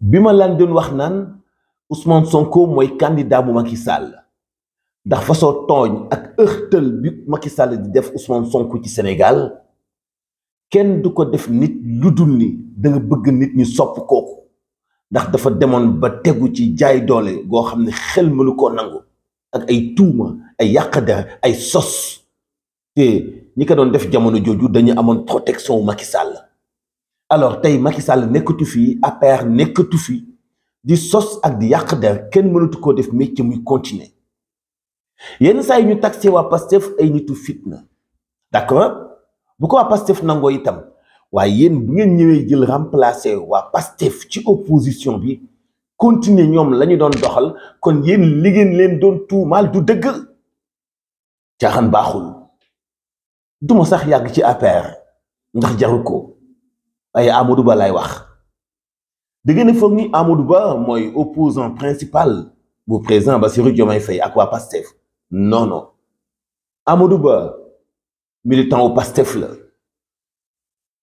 bi ma laan doon wax naan Ousmane Sonko mooy candidat bu Macky Sall ndax façon tooñ ak ërtël bi Macky Sall di def Ousmane Sonko ci Sénégal kenn du ko def nit lu dul ni da bëgg nit ñi sopp kooku ndax dafa demoon ba tegu ci jaay doole goo xam ne xel mënu koo nangu ak ay tuuma ay yàqada ay sos te ñi ko doon def jamono jooju dañu amoon protection wu Macky Sall alors tay Macky Sall nekkatu fii APR nekkatu fii di sos ak di yak der ken mënatu ko def métier muy continuer yenn say ñu taxé wa Pastef ay nitu fitna d'accord bu ko waa Pastef nango itam waye yéen bu ngeen ñëwee jël remplacer wa Pastef ci opposition bi continuer ñom lañu ñu doon doxal kon yéen li ngeen leen doon mal du dëgg caaxaan baxul duma sax yag ci APR ndax jaru ko ay Amadou Ba lay wax da ngeen a ni Amadou Ba moy opposant principal bu président Bassirou Diomaye Faye ak passe Pastef non non Amadou Ba militant au Pastef la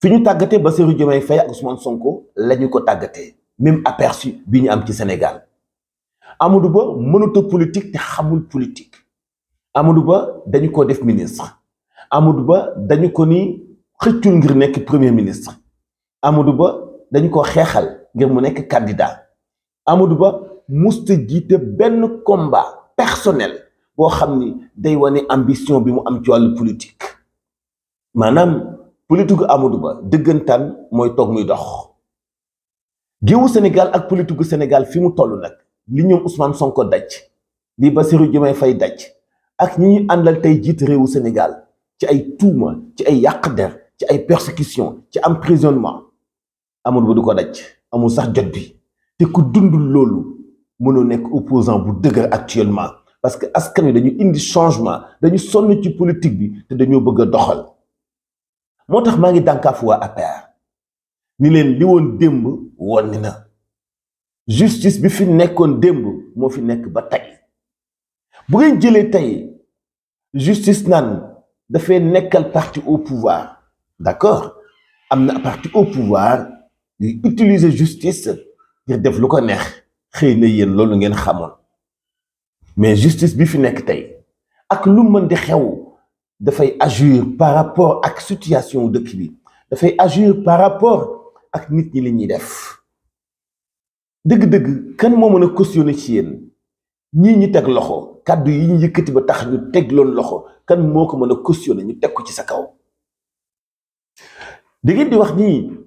fiñu tagaté tàggatee Bassirou Diomaye fay ak Ousmane Sonko lañu ko tagaté même aperçu biñu am ci Sénégal Amadou Ba mënut politique te xamul politique Amadou Ba dañu ko def ministre Amadou Ba dañu ko ni xëccul ngir premier ministre. Amoudouba, Douba, dañu ko xéxal ngir mu nek candidat il musta combat personnel pour xamni day ambition bi mu am ci politique manam politique Amadouba moy tok muy dox au Sénégal ak politique Sénégal fi mu li Ousmane Sonko li Bassirou ak ñi Sénégal ci ay ci ay persécution emprisonnement amul bu du daj amul sax jot bi te ku dundul loolu mënoo opposant bu dëgër actuellement parce que askan wi dañu indi changement dañu sonn ci politique bi te dañu bëgg doxal motax tax maa ngi dànkaafu waa APR ni len li won demb wonina justice bi fi nekkon demb mo fi nekk ba tay bu ngeen jëlé tay justice naan dafay nekkal parti au pouvoir d'accord amna parti au pouvoir di utiliser justice ngir def lu ko neex xëy na yéen loolu ngeen mais justice bi fi nekk tey ak lu mën di xew dafay agir par rapport ak situation de dëkk bi dafay agir par rapport ak nit ñi li ñuy def dëgg-dëgg kan moo mën a cautionné ci yéen ñii ñi teg loxo kàddu yi ñu yëkëti ba tax ñu teg loon loxo kan moo ko mën a cautionné ñu teg ko ci sa kaw da ngeen di wax nii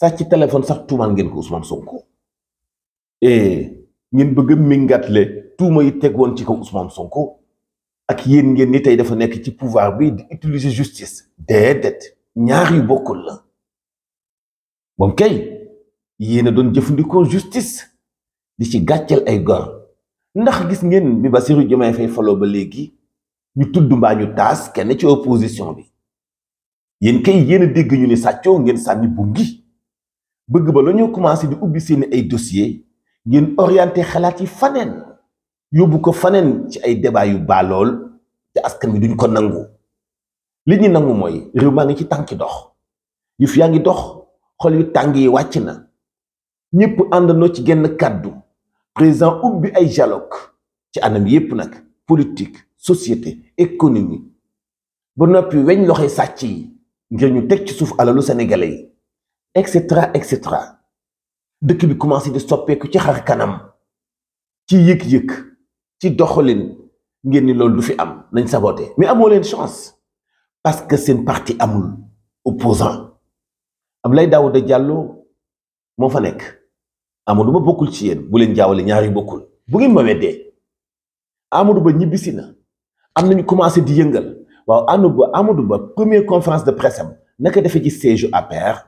sa ci téléphone sax tuumaal ngeen ko Ousmane Sonko eh ngeen bëgg a tout tuuma yi ci Ousmane Sonko ak yeen ngeen ni tay dafa nekk ci pouvoir bi utiliser justice déedéet ñaar yu bokul la moom kay doon justice di ci gàcceel ay gor ndax gis ngeen bi Bassirou Diomaye fay faloo ba léegi ñu tudd mbaa ñu taas kenn ci opposition bi yéen kay yéen dégg ñu ni sàccoo ngeen sànni ngi bëgg ba la ñu commencé di ubbi seeni ay dossier ngeen orienté xalaat yi faneen yóbbu ko faneen ci ay débat yu baa lool te askan wi duñ ko nangu li ñu nangu mooy réew maa ngi ci tànki dox yëf yaa ngi dox xol yu tàng yi wàcc na ñëpp àndandoo ci genn kàddu président ubbi ay dialogue ci anam yépp nag politique société économie ba noppi weñ loxoy sàcc yi ngir ñu teg ci suuf alalu sénégalais yi etc. cetera et cetera dëkk bi commencé que soppeeku ci xar kanam ci yëg-yëg ci doxalin ngeen ni du fi am nañ saboté mais amoo leen chance parce que c'est une partie amoul, opposant ablay Daouda Diallo moo fa nekk Amadou Ba bokkul ci yéen bu leen jaawale ñaar yu bokkul bu ma weddee Amadou Ba ñibbisi na commencé di yëngal waaw Amadou Ba Amadou première conférence de presse am naka defee ci siège à père.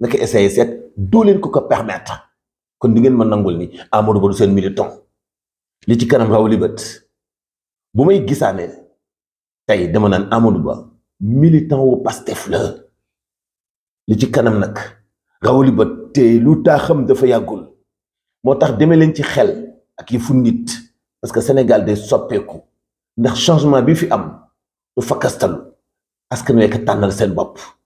na ko essayé seet doo leen ko ko permettre kon di ngeen ma nangul ni Amadou Ba du seen militant li ci kanam raw li bu may gisaane tey dama naan Amadou Ba militant wu Pastef la li ci kanam nag raw li te lu taaxam dafa yàggul moo tax demee leen ci xel ak yëfu nit parce que Sénégal day soppeeku ndax changement bi fi am du fakkastalu askan wi ka tànnal seen bopp